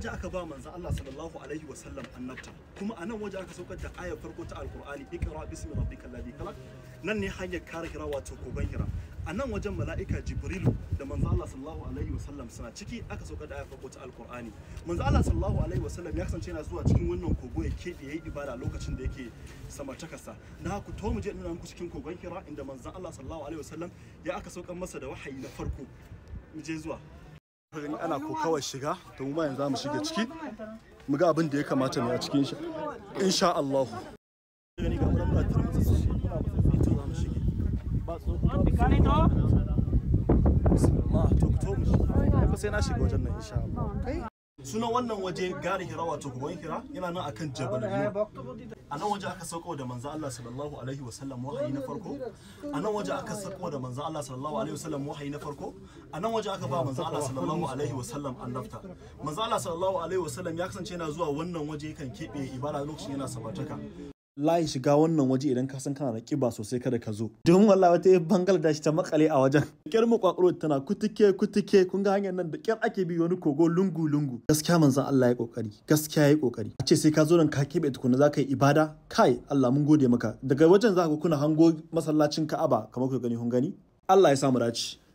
waje aka ba manzon Allah sallallahu alaihi wa sallam annabta kuma a nan waje aka saukar da ayar farko ta alqur'ani iqra bismi rabbikal ladhi khalaq nan ne hanyar kare hira wato koban hira a nan wajen mala'ika jibrilu da manzo Allah sallallahu alaihi wa sallam suna ciki aka saukar da ayar farko ta alqur'ani manzo Allah sallallahu alaihi wa sallam ya kasance yana zuwa cikin wannan kogo ya kebe yayi ibada lokacin da yake sama samartakarsa na ku to mu je nuna muku cikin kogon hira inda manzo Allah sallallahu alaihi wa sallam ya aka saukar masa da wahayi na farko mu je zuwa gani ana kokawar shiga to mu yanzu mu shiga ciki mu ga abin da ya kamata mu a cikin shi insha Allah gani ga mun da turmi to za mu shige ba tsoko ba to ma to to mu shiga sai na shiga wajen nan insha Allah sunan wannan waje gari hira wato guban hira yana nan akan jabal a nan waje aka sauko da manzo Allah sallallahu alaihi wasallam wahayi na farko a nan waje aka sauko da manzo Allah sallallahu alaihi wasallam wahayi na farko a nan waje aka ba manzo Allah sallallahu alaihi wasallam annabta manzo Allah sallallahu alaihi wasallam ya kasance yana zuwa wannan waje kan kebe ibada lokacin yana sabataka layi shiga wannan waje idan ka san kana da kiba sosai kada ka zo domin wallahi wata Bangladesh ta makale a wajen kyar mu kwakwaro tana kutuke kutuke kun ga hanyar nan da kyar ake bi wani kogo lungu lungu gaskiya manzon Allah ya kokari gaskiya ya kokari a ce sai ka zo nan ka kebe tukuna za ka yi ibada kai Allah mun gode maka daga wajen za ka kuna hango masallacin Ka'aba kamar ku gani kun gani Allah ya samu dace